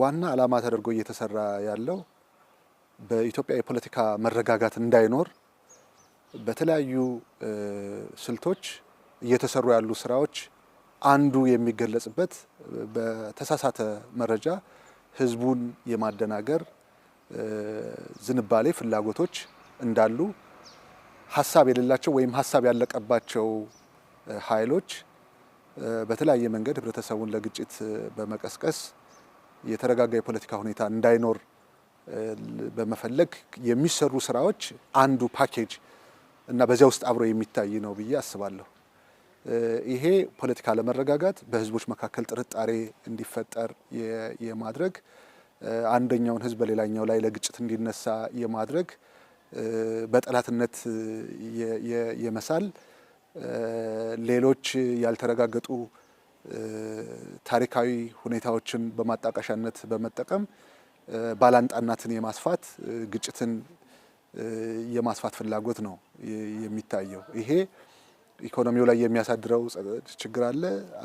ዋና ዓላማ ተደርጎ እየተሰራ ያለው በኢትዮጵያ የፖለቲካ መረጋጋት እንዳይኖር በተለያዩ ስልቶች እየተሰሩ ያሉ ስራዎች አንዱ የሚገለጽበት በተሳሳተ መረጃ ህዝቡን የማደናገር ዝንባሌ፣ ፍላጎቶች እንዳሉ ሀሳብ የሌላቸው ወይም ሀሳብ ያለቀባቸው ኃይሎች በተለያየ መንገድ ህብረተሰቡን ለግጭት በመቀስቀስ የተረጋጋ የፖለቲካ ሁኔታ እንዳይኖር በመፈለግ የሚሰሩ ስራዎች አንዱ ፓኬጅ እና በዚያ ውስጥ አብሮ የሚታይ ነው ብዬ አስባለሁ። ይሄ ፖለቲካ ለመረጋጋት በህዝቦች መካከል ጥርጣሬ እንዲፈጠር የማድረግ አንደኛውን ህዝብ በሌላኛው ላይ ለግጭት እንዲነሳ የማድረግ በጠላትነት የመሳል ሌሎች ያልተረጋገጡ ታሪካዊ ሁኔታዎችን በማጣቀሻነት በመጠቀም ባላንጣናትን የማስፋት ግጭትን የማስፋት ፍላጎት ነው የሚታየው። ይሄ ኢኮኖሚው ላይ የሚያሳድረው ችግር አለ።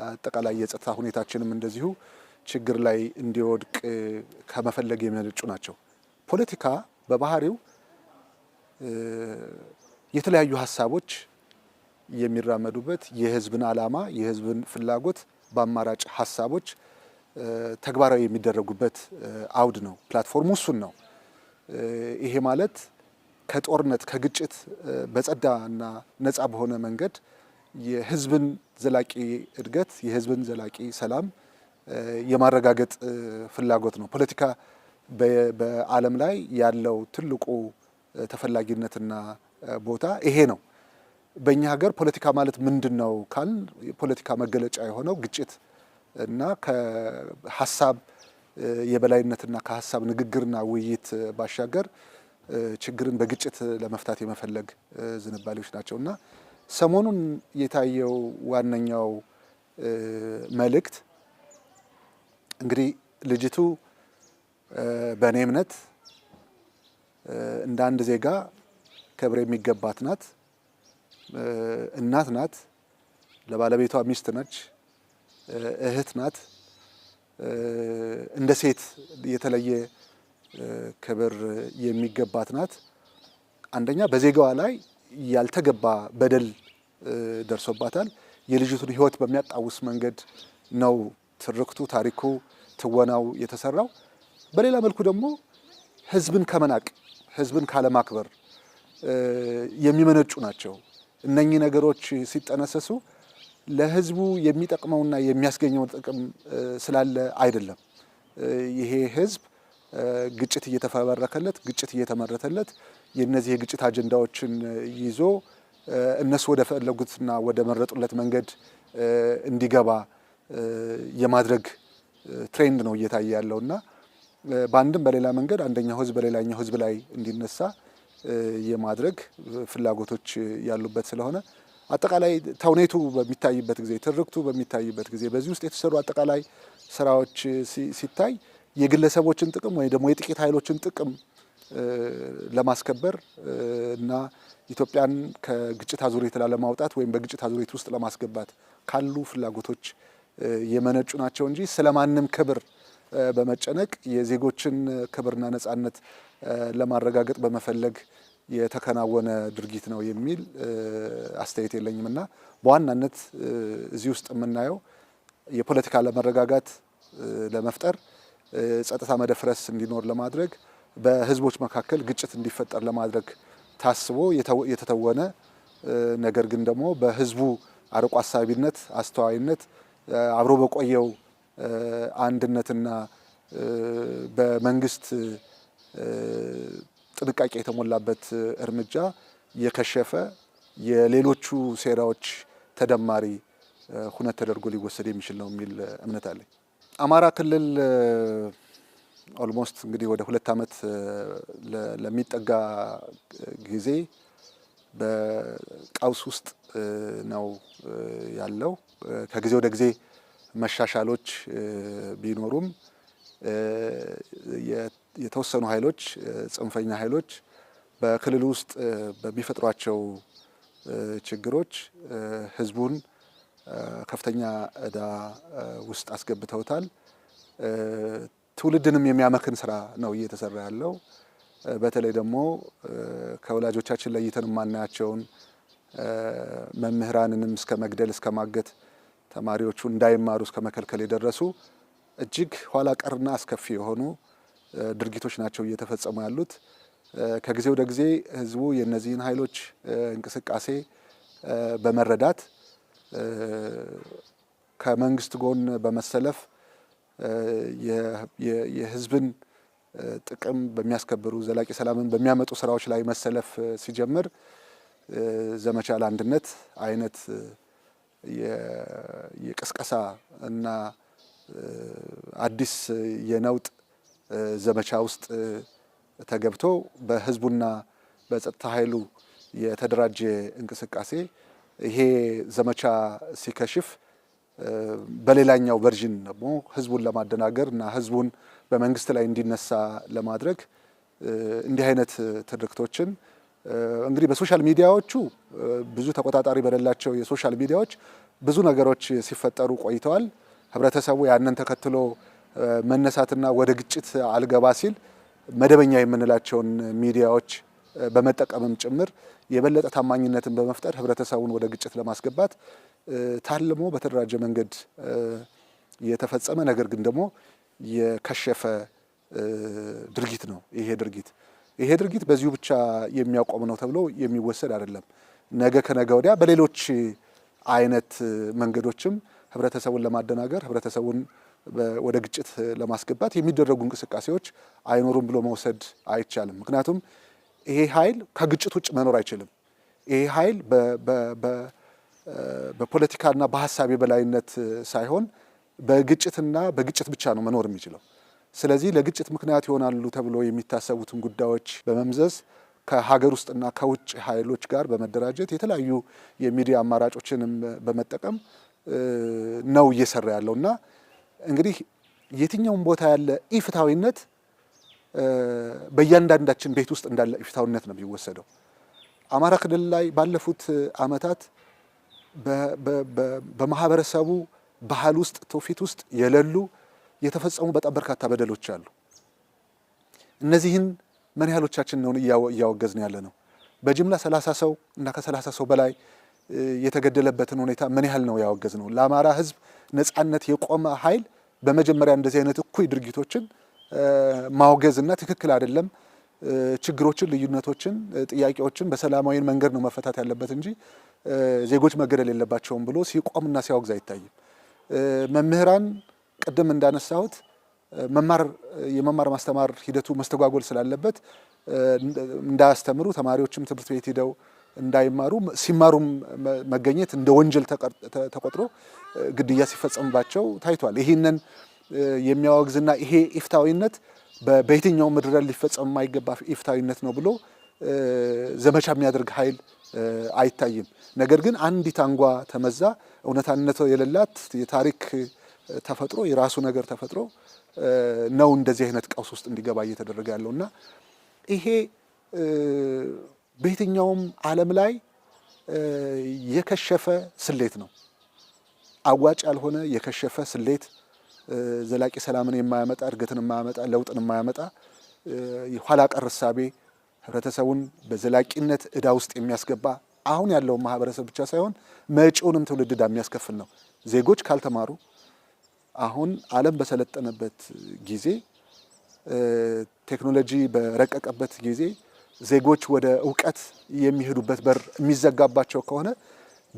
አጠቃላይ የጸጥታ ሁኔታችንም እንደዚሁ ችግር ላይ እንዲወድቅ ከመፈለግ የሚነጩ ናቸው። ፖለቲካ በባህሪው የተለያዩ ሀሳቦች የሚራመዱበት የህዝብን ዓላማ የህዝብን ፍላጎት በአማራጭ ሀሳቦች ተግባራዊ የሚደረጉበት አውድ ነው። ፕላትፎርሙ እሱን ነው። ይሄ ማለት ከጦርነት ከግጭት በጸዳና ነፃ በሆነ መንገድ የህዝብን ዘላቂ እድገት የህዝብን ዘላቂ ሰላም የማረጋገጥ ፍላጎት ነው። ፖለቲካ በዓለም ላይ ያለው ትልቁ ተፈላጊነትና ቦታ ይሄ ነው። በእኛ ሀገር ፖለቲካ ማለት ምንድን ነው ካል የፖለቲካ መገለጫ የሆነው ግጭት እና ከሀሳብ የበላይነትና ከሀሳብ ንግግርና ውይይት ባሻገር ችግርን በግጭት ለመፍታት የመፈለግ ዝንባሌዎች ናቸው እና ሰሞኑን የታየው ዋነኛው መልእክት እንግዲህ ልጅቱ በእኔ እምነት እንደ አንድ ዜጋ ክብር የሚገባት ናት። እናት ናት፣ ለባለቤቷ ሚስት ነች፣ እህት ናት። እንደ ሴት የተለየ ክብር የሚገባት ናት። አንደኛ በዜጋዋ ላይ ያልተገባ በደል ደርሶባታል። የልጅቱን ሕይወት በሚያጣውስ መንገድ ነው ትርክቱ፣ ታሪኩ፣ ትወናው የተሰራው። በሌላ መልኩ ደግሞ ሕዝብን ከመናቅ ሕዝብን ካለማክበር የሚመነጩ ናቸው። እነኚህ ነገሮች ሲጠነሰሱ ለህዝቡ የሚጠቅመውና የሚያስገኘው ጥቅም ስላለ አይደለም። ይሄ ህዝብ ግጭት እየተፈበረከለት ግጭት እየተመረተለት የነዚህ የግጭት አጀንዳዎችን ይዞ እነሱ ወደ ፈለጉትና ወደ መረጡለት መንገድ እንዲገባ የማድረግ ትሬንድ ነው እየታየ ያለውና በአንድም በሌላ መንገድ አንደኛው ህዝብ በሌላኛው ህዝብ ላይ እንዲነሳ የማድረግ ፍላጎቶች ያሉበት ስለሆነ አጠቃላይ ተውኔቱ በሚታይበት ጊዜ ትርክቱ በሚታይበት ጊዜ በዚህ ውስጥ የተሰሩ አጠቃላይ ስራዎች ሲታይ የግለሰቦችን ጥቅም ወይ ደግሞ የጥቂት ኃይሎችን ጥቅም ለማስከበር እና ኢትዮጵያን ከግጭት አዙሪት ላለማውጣት ወይም በግጭት አዙሪት ውስጥ ለማስገባት ካሉ ፍላጎቶች የመነጩ ናቸው እንጂ ስለማንም ክብር በመጨነቅ የዜጎችን ክብርና ነጻነት ለማረጋገጥ በመፈለግ የተከናወነ ድርጊት ነው የሚል አስተያየት የለኝም እና በዋናነት እዚህ ውስጥ የምናየው የፖለቲካ ለመረጋጋት ለመፍጠር ጸጥታ መደፍረስ እንዲኖር ለማድረግ በህዝቦች መካከል ግጭት እንዲፈጠር ለማድረግ ታስቦ የተተወነ ነገር ግን ደግሞ በህዝቡ አርቆ አሳቢነት፣ አስተዋይነት አብሮ በቆየው አንድነትና በመንግስት ጥንቃቄ የተሞላበት እርምጃ የከሸፈ የሌሎቹ ሴራዎች ተደማሪ ሁነት ተደርጎ ሊወሰድ የሚችል ነው የሚል እምነት አለኝ። አማራ ክልል ኦልሞስት እንግዲህ ወደ ሁለት ዓመት ለሚጠጋ ጊዜ በቀውስ ውስጥ ነው ያለው። ከጊዜ ወደ ጊዜ መሻሻሎች ቢኖሩም የተወሰኑ ኃይሎች ጽንፈኛ ኃይሎች በክልል ውስጥ በሚፈጥሯቸው ችግሮች ህዝቡን ከፍተኛ እዳ ውስጥ አስገብተውታል። ትውልድንም የሚያመክን ስራ ነው እየተሰራ ያለው። በተለይ ደግሞ ከወላጆቻችን ለይተን የማናያቸውን መምህራንንም እስከ መግደል እስከ ማገት ተማሪዎቹ እንዳይማሩ እስከ መከልከል የደረሱ እጅግ ኋላ ቀርና አስከፊ የሆኑ ድርጊቶች ናቸው እየተፈጸሙ ያሉት። ከጊዜ ወደ ጊዜ ህዝቡ የእነዚህን ኃይሎች እንቅስቃሴ በመረዳት ከመንግስት ጎን በመሰለፍ የህዝብን ጥቅም በሚያስከብሩ ዘላቂ ሰላምን በሚያመጡ ስራዎች ላይ መሰለፍ ሲጀምር ዘመቻ ለአንድነት አይነት የቀስቀሳ እና አዲስ የነውጥ ዘመቻ ውስጥ ተገብቶ በህዝቡና በጸጥታ ኃይሉ የተደራጀ እንቅስቃሴ ይሄ ዘመቻ ሲከሽፍ በሌላኛው ቨርዥን ደግሞ ህዝቡን ለማደናገር እና ህዝቡን በመንግስት ላይ እንዲነሳ ለማድረግ እንዲህ አይነት ትርክቶችን እንግዲህ በሶሻል ሚዲያዎቹ ብዙ ተቆጣጣሪ በሌላቸው የሶሻል ሚዲያዎች ብዙ ነገሮች ሲፈጠሩ ቆይተዋል። ህብረተሰቡ ያንን ተከትሎ መነሳትና ወደ ግጭት አልገባ ሲል መደበኛ የምንላቸውን ሚዲያዎች በመጠቀምም ጭምር የበለጠ ታማኝነትን በመፍጠር ህብረተሰቡን ወደ ግጭት ለማስገባት ታልሞ በተደራጀ መንገድ የተፈጸመ ነገር ግን ደግሞ የከሸፈ ድርጊት ነው ይሄ ድርጊት። ይሄ ድርጊት በዚሁ ብቻ የሚያቆም ነው ተብሎ የሚወሰድ አይደለም። ነገ ከነገ ወዲያ በሌሎች አይነት መንገዶችም ህብረተሰቡን ለማደናገር ህብረተሰቡን ወደ ግጭት ለማስገባት የሚደረጉ እንቅስቃሴዎች አይኖሩም ብሎ መውሰድ አይቻልም። ምክንያቱም ይሄ ኃይል ከግጭት ውጭ መኖር አይችልም። ይሄ ኃይል በፖለቲካና በሀሳብ የበላይነት ሳይሆን በግጭትና በግጭት ብቻ ነው መኖር የሚችለው። ስለዚህ ለግጭት ምክንያት ይሆናሉ ተብሎ የሚታሰቡትን ጉዳዮች በመምዘዝ ከሀገር ውስጥና ከውጭ ኃይሎች ጋር በመደራጀት የተለያዩ የሚዲያ አማራጮችንም በመጠቀም ነው እየሰራ ያለው እና እንግዲህ የትኛውም ቦታ ያለ ኢፍታዊነት በእያንዳንዳችን ቤት ውስጥ እንዳለ ኢፍታዊነት ነው የሚወሰደው። አማራ ክልል ላይ ባለፉት ዓመታት በማህበረሰቡ ባህል ውስጥ ትውፊት ውስጥ የሌሉ የተፈጸሙ በጣም በርካታ በደሎች አሉ። እነዚህን ምን ያህሎቻችን ነውን እያወገዝን ያለ ነው? በጅምላ ሰላሳ ሰው እና ከሰላሳ ሰው በላይ የተገደለበትን ሁኔታ ምን ያህል ነው ያወገዝ ነው? ለአማራ ህዝብ ነጻነት የቆመ ኃይል በመጀመሪያ እንደዚህ አይነት እኩይ ድርጊቶችን ማውገዝ እና ትክክል አይደለም ችግሮችን፣ ልዩነቶችን፣ ጥያቄዎችን በሰላማዊ መንገድ ነው መፈታት ያለበት እንጂ ዜጎች መገደል የለባቸውም ብሎ ሲቆምና ሲያወግዝ አይታይም። መምህራን ቅድም እንዳነሳሁት መማር የመማር ማስተማር ሂደቱ መስተጓጎል ስላለበት እንዳያስተምሩ ተማሪዎችም ትምህርት ቤት ሂደው እንዳይማሩ ሲማሩም መገኘት እንደ ወንጀል ተቆጥሮ ግድያ ሲፈጸምባቸው ታይቷል። ይህንን የሚያወግዝና ይሄ ኢፍታዊነት በየትኛው ምድረ ሊፈጸም የማይገባ ኢፍታዊነት ነው ብሎ ዘመቻ የሚያደርግ ኃይል አይታይም። ነገር ግን አንዲት አንጓ ተመዛ እውነታነት የሌላት የታሪክ ተፈጥሮ የራሱ ነገር ተፈጥሮ ነው እንደዚህ አይነት ቀውስ ውስጥ እንዲገባ እየተደረገ ያለው እና ይሄ በየትኛውም ዓለም ላይ የከሸፈ ስሌት ነው። አዋጭ ያልሆነ የከሸፈ ስሌት ዘላቂ ሰላምን የማያመጣ እድገትን የማያመጣ ለውጥን የማያመጣ የኋላ ቀር እሳቤ ህብረተሰቡን በዘላቂነት እዳ ውስጥ የሚያስገባ አሁን ያለውን ማህበረሰብ ብቻ ሳይሆን መጪውንም ትውልድ እዳ የሚያስከፍል ነው። ዜጎች ካልተማሩ አሁን ዓለም በሰለጠነበት ጊዜ ቴክኖሎጂ በረቀቀበት ጊዜ ዜጎች ወደ እውቀት የሚሄዱበት በር የሚዘጋባቸው ከሆነ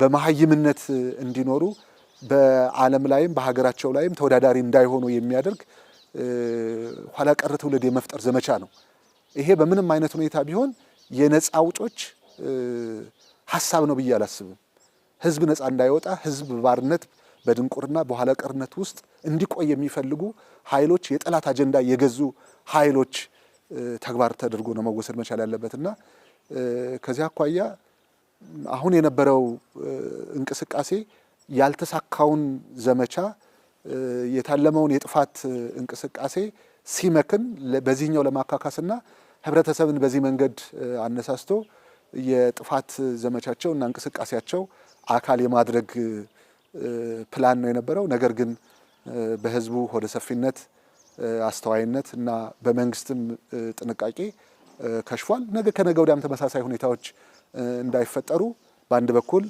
በመሀይምነት እንዲኖሩ በዓለም ላይም በሀገራቸው ላይም ተወዳዳሪ እንዳይሆኑ የሚያደርግ ኋላ ቀር ትውልድ የመፍጠር ዘመቻ ነው። ይሄ በምንም አይነት ሁኔታ ቢሆን የነፃ አውጮች ሀሳብ ነው ብዬ አላስብም። ህዝብ ነፃ እንዳይወጣ ህዝብ ባርነት በድንቁርና በኋላ ቀርነት ውስጥ እንዲቆይ የሚፈልጉ ኃይሎች የጠላት አጀንዳ የገዙ ኃይሎች ተግባር ተደርጎ ነው መወሰድ መቻል ያለበትና ከዚህ አኳያ አሁን የነበረው እንቅስቃሴ ያልተሳካውን ዘመቻ የታለመውን የጥፋት እንቅስቃሴ ሲመክን በዚህኛው ለማካካስና ህብረተሰብን በዚህ መንገድ አነሳስቶ የጥፋት ዘመቻቸው እና እንቅስቃሴያቸው አካል የማድረግ ፕላን ነው የነበረው። ነገር ግን በህዝቡ ሆደ ሰፊነት፣ አስተዋይነት እና በመንግስትም ጥንቃቄ ከሽፏል። ነገ ከነገ ወዲያም ተመሳሳይ ሁኔታዎች እንዳይፈጠሩ በአንድ በኩል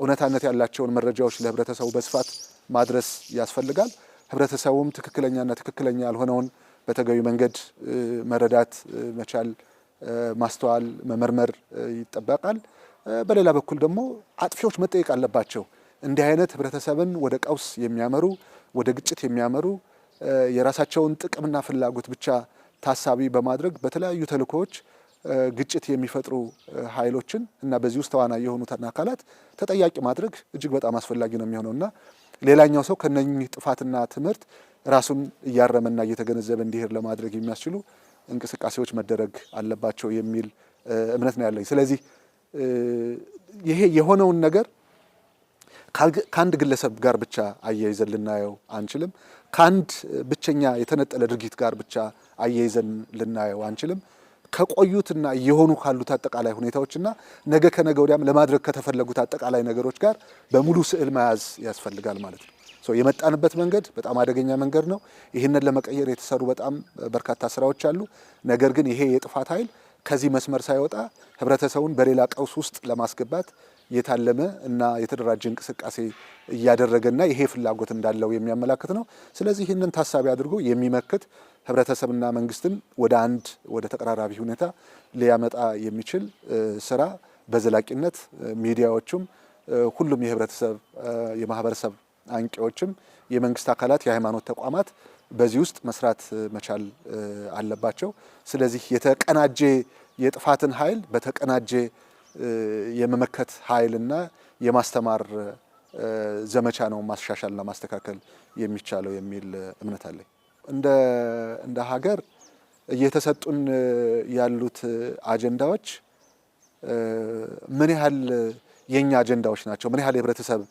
እውነታነት ያላቸውን መረጃዎች ለህብረተሰቡ በስፋት ማድረስ ያስፈልጋል። ህብረተሰቡም ትክክለኛና ትክክለኛ ያልሆነውን በተገቢ መንገድ መረዳት መቻል፣ ማስተዋል፣ መመርመር ይጠበቃል። በሌላ በኩል ደግሞ አጥፊዎች መጠየቅ አለባቸው። እንዲህ አይነት ህብረተሰብን ወደ ቀውስ የሚያመሩ ወደ ግጭት የሚያመሩ የራሳቸውን ጥቅምና ፍላጎት ብቻ ታሳቢ በማድረግ በተለያዩ ተልእኮዎች ግጭት የሚፈጥሩ ኃይሎችን እና በዚህ ውስጥ ተዋናይ የሆኑትን አካላት ተጠያቂ ማድረግ እጅግ በጣም አስፈላጊ ነው እና ሌላኛው ሰው ከነኚህ ጥፋትና ትምህርት ራሱን እያረመና እየተገነዘበ እንዲሄድ ለማድረግ የሚያስችሉ እንቅስቃሴዎች መደረግ አለባቸው የሚል እምነት ነው ያለኝ። ስለዚህ ይሄ የሆነውን ነገር ከአንድ ግለሰብ ጋር ብቻ አያይዘን ልናየው አንችልም። ከአንድ ብቸኛ የተነጠለ ድርጊት ጋር ብቻ አያይዘን ልናየው አንችልም። ከቆዩትና እየሆኑ ካሉት አጠቃላይ ሁኔታዎችና ነገ ከነገ ወዲያም ለማድረግ ከተፈለጉት አጠቃላይ ነገሮች ጋር በሙሉ ስዕል መያዝ ያስፈልጋል ማለት ነው። የመጣንበት መንገድ በጣም አደገኛ መንገድ ነው። ይህንን ለመቀየር የተሰሩ በጣም በርካታ ስራዎች አሉ። ነገር ግን ይሄ የጥፋት ኃይል ከዚህ መስመር ሳይወጣ ህብረተሰቡን በሌላ ቀውስ ውስጥ ለማስገባት የታለመ እና የተደራጀ እንቅስቃሴ እያደረገና ይሄ ፍላጎት እንዳለው የሚያመላክት ነው። ስለዚህ ይህንን ታሳቢ አድርጎ የሚመክት ህብረተሰብና መንግስትን ወደ አንድ ወደ ተቀራራቢ ሁኔታ ሊያመጣ የሚችል ስራ በዘላቂነት ሚዲያዎቹም፣ ሁሉም የህብረተሰብ የማህበረሰብ አንቂዎችም፣ የመንግስት አካላት፣ የሃይማኖት ተቋማት በዚህ ውስጥ መስራት መቻል አለባቸው። ስለዚህ የተቀናጀ የጥፋትን ኃይል በተቀናጀ የመመከት ኃይልና የማስተማር ዘመቻ ነው ማሻሻልና ማስተካከል የሚቻለው የሚል እምነት አለኝ። እንደ እንደ ሀገር እየተሰጡን ያሉት አጀንዳዎች ምን ያህል የኛ አጀንዳዎች ናቸው? ምን ያህል የህብረተሰብ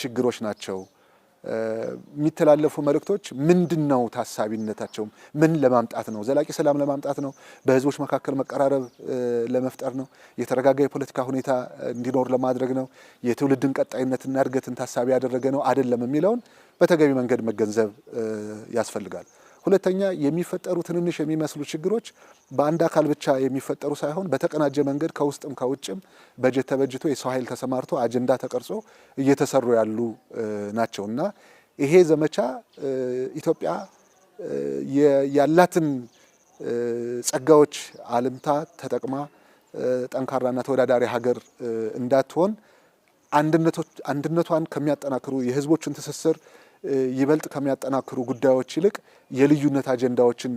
ችግሮች ናቸው? የሚተላለፉ መልእክቶች ምንድን ነው? ታሳቢነታቸው ምን ለማምጣት ነው? ዘላቂ ሰላም ለማምጣት ነው? በህዝቦች መካከል መቀራረብ ለመፍጠር ነው? የተረጋጋ የፖለቲካ ሁኔታ እንዲኖር ለማድረግ ነው? የትውልድን ቀጣይነትና እድገትን ታሳቢ ያደረገ ነው አይደለም የሚለውን በተገቢ መንገድ መገንዘብ ያስፈልጋል። ሁለተኛ የሚፈጠሩ ትንንሽ የሚመስሉ ችግሮች በአንድ አካል ብቻ የሚፈጠሩ ሳይሆን በተቀናጀ መንገድ ከውስጥም ከውጭም በጀት ተበጅቶ የሰው ኃይል ተሰማርቶ አጀንዳ ተቀርጾ እየተሰሩ ያሉ ናቸው እና ይሄ ዘመቻ ኢትዮጵያ ያላትን ጸጋዎች አልምታ ተጠቅማ ጠንካራና ተወዳዳሪ ሀገር እንዳትሆን አንድነቷን ከሚያጠናክሩ የህዝቦቹን ትስስር ይበልጥ ከሚያጠናክሩ ጉዳዮች ይልቅ የልዩነት አጀንዳዎችን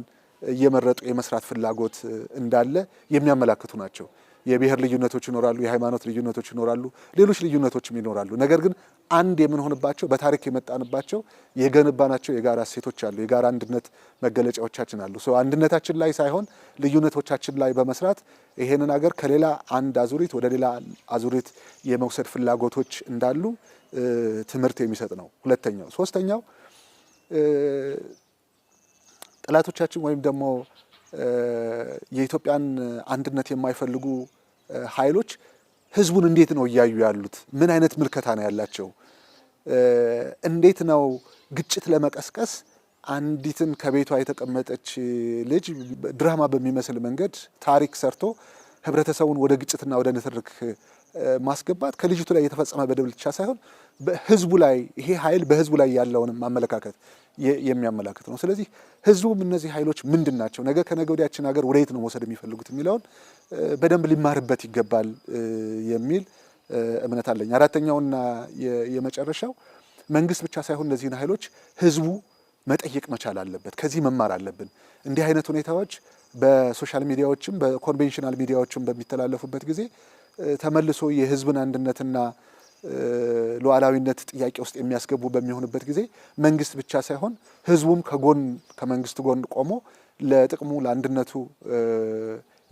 እየመረጡ የመስራት ፍላጎት እንዳለ የሚያመላክቱ ናቸው። የብሔር ልዩነቶች ይኖራሉ፣ የሃይማኖት ልዩነቶች ይኖራሉ፣ ሌሎች ልዩነቶችም ይኖራሉ። ነገር ግን አንድ የምንሆንባቸው በታሪክ የመጣንባቸው የገነባናቸው የጋራ እሴቶች አሉ፣ የጋራ አንድነት መገለጫዎቻችን አሉ። አንድነታችን ላይ ሳይሆን ልዩነቶቻችን ላይ በመስራት ይሄንን አገር ከሌላ አንድ አዙሪት ወደ ሌላ አዙሪት የመውሰድ ፍላጎቶች እንዳሉ ትምህርት የሚሰጥ ነው። ሁለተኛው ሶስተኛው ጠላቶቻችን ወይም ደግሞ የኢትዮጵያን አንድነት የማይፈልጉ ኃይሎች ህዝቡን እንዴት ነው እያዩ ያሉት? ምን አይነት ምልከታ ነው ያላቸው? እንዴት ነው ግጭት ለመቀስቀስ አንዲትን ከቤቷ የተቀመጠች ልጅ ድራማ በሚመስል መንገድ ታሪክ ሰርቶ ህብረተሰቡን ወደ ግጭትና ወደ ንትርክ ማስገባት ከልጅቱ ላይ የተፈጸመ በደብል ብቻ ሳይሆን በህዝቡ ላይ ይሄ ኃይል በህዝቡ ላይ ያለውንም አመለካከት የሚያመላክት ነው። ስለዚህ ህዝቡም እነዚህ ኃይሎች ምንድን ናቸው፣ ነገ ከነገ ወዲያችን ሀገር ወደየት ነው መውሰድ የሚፈልጉት የሚለውን በደንብ ሊማርበት ይገባል የሚል እምነት አለኝ። አራተኛውና የመጨረሻው መንግስት ብቻ ሳይሆን እነዚህን ኃይሎች ህዝቡ መጠየቅ መቻል አለበት። ከዚህ መማር አለብን። እንዲህ አይነት ሁኔታዎች በሶሻል ሚዲያዎችም በኮንቬንሽናል ሚዲያዎችም በሚተላለፉበት ጊዜ ተመልሶ የህዝብን አንድነትና ሉዓላዊነት ጥያቄ ውስጥ የሚያስገቡ በሚሆንበት ጊዜ መንግስት ብቻ ሳይሆን ህዝቡም ከጎን ከመንግስት ጎን ቆሞ ለጥቅሙ ለአንድነቱ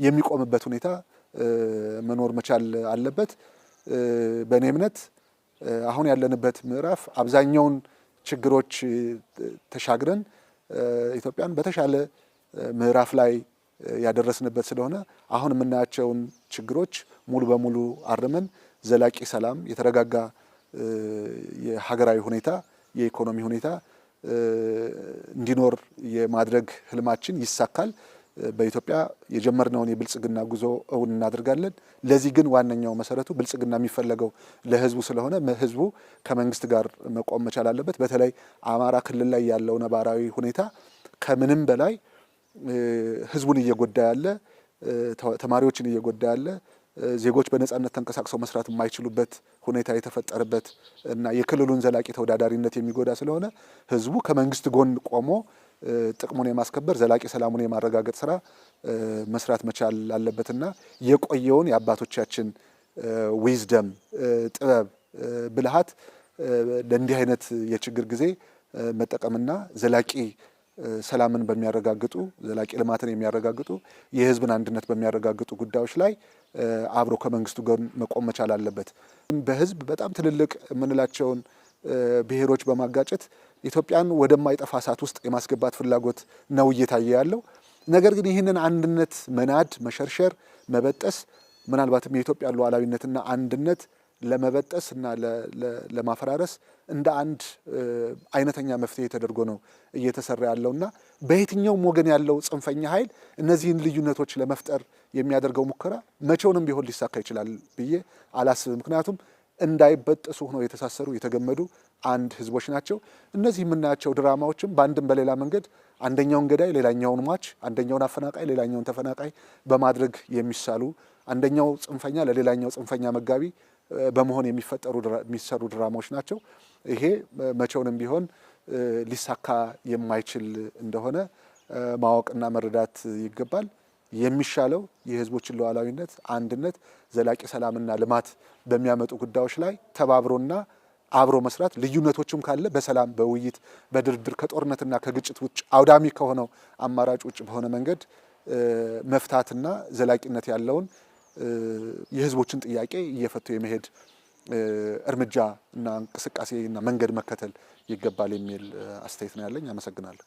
የሚቆምበት ሁኔታ መኖር መቻል አለበት። በእኔ እምነት አሁን ያለንበት ምዕራፍ አብዛኛውን ችግሮች ተሻግረን ኢትዮጵያን በተሻለ ምዕራፍ ላይ ያደረስንበት ስለሆነ አሁን የምናያቸውን ችግሮች ሙሉ በሙሉ አርመን ዘላቂ ሰላም፣ የተረጋጋ የሀገራዊ ሁኔታ፣ የኢኮኖሚ ሁኔታ እንዲኖር የማድረግ ህልማችን ይሳካል። በኢትዮጵያ የጀመርነውን የብልጽግና ጉዞ እውን እናደርጋለን። ለዚህ ግን ዋነኛው መሰረቱ ብልጽግና የሚፈለገው ለህዝቡ ስለሆነ ህዝቡ ከመንግስት ጋር መቆም መቻል አለበት። በተለይ አማራ ክልል ላይ ያለው ነባራዊ ሁኔታ ከምንም በላይ ህዝቡን እየጎዳ ያለ፣ ተማሪዎችን እየጎዳ ያለ፣ ዜጎች በነጻነት ተንቀሳቅሰው መስራት የማይችሉበት ሁኔታ የተፈጠረበት እና የክልሉን ዘላቂ ተወዳዳሪነት የሚጎዳ ስለሆነ ህዝቡ ከመንግስት ጎን ቆሞ ጥቅሙን የማስከበር ዘላቂ ሰላሙን የማረጋገጥ ስራ መስራት መቻል አለበትና የቆየውን የአባቶቻችን ዊዝደም ጥበብ፣ ብልሃት ለእንዲህ አይነት የችግር ጊዜ መጠቀምና ዘላቂ ሰላምን በሚያረጋግጡ ዘላቂ ልማትን የሚያረጋግጡ የህዝብን አንድነት በሚያረጋግጡ ጉዳዮች ላይ አብሮ ከመንግስቱ ጋር መቆም መቻል አለበት። በህዝብ በጣም ትልልቅ የምንላቸውን ብሔሮች በማጋጨት ኢትዮጵያን ወደማይጠፋ እሳት ውስጥ የማስገባት ፍላጎት ነው እየታየ ያለው። ነገር ግን ይህንን አንድነት መናድ፣ መሸርሸር፣ መበጠስ ምናልባትም የኢትዮጵያ ሉዓላዊነትና አንድነት ለመበጠስ እና ለማፈራረስ እንደ አንድ አይነተኛ መፍትሄ ተደርጎ ነው እየተሰራ ያለው እና በየትኛውም ወገን ያለው ጽንፈኛ ኃይል እነዚህን ልዩነቶች ለመፍጠር የሚያደርገው ሙከራ መቼውንም ቢሆን ሊሳካ ይችላል ብዬ አላስብም። ምክንያቱም እንዳይበጠሱ ሆነው የተሳሰሩ የተገመዱ አንድ ህዝቦች ናቸው። እነዚህ የምናያቸው ድራማዎችም በአንድም በሌላ መንገድ አንደኛውን ገዳይ ሌላኛውን ሟች፣ አንደኛውን አፈናቃይ ሌላኛውን ተፈናቃይ በማድረግ የሚሳሉ አንደኛው ጽንፈኛ ለሌላኛው ጽንፈኛ መጋቢ በመሆን የሚፈጠሩ የሚሰሩ ድራማዎች ናቸው። ይሄ መቼውንም ቢሆን ሊሳካ የማይችል እንደሆነ ማወቅና መረዳት ይገባል። የሚሻለው የህዝቦችን ሉዓላዊነት፣ አንድነት፣ ዘላቂ ሰላምና ልማት በሚያመጡ ጉዳዮች ላይ ተባብሮና አብሮ መስራት ልዩነቶችም ካለ በሰላም በውይይት በድርድር ከጦርነትና ከግጭት ውጭ አውዳሚ ከሆነው አማራጭ ውጭ በሆነ መንገድ መፍታትና ዘላቂነት ያለውን የህዝቦችን ጥያቄ እየፈቱ የመሄድ እርምጃ እና እንቅስቃሴ እና መንገድ መከተል ይገባል የሚል አስተያየት ነው ያለኝ። አመሰግናለሁ።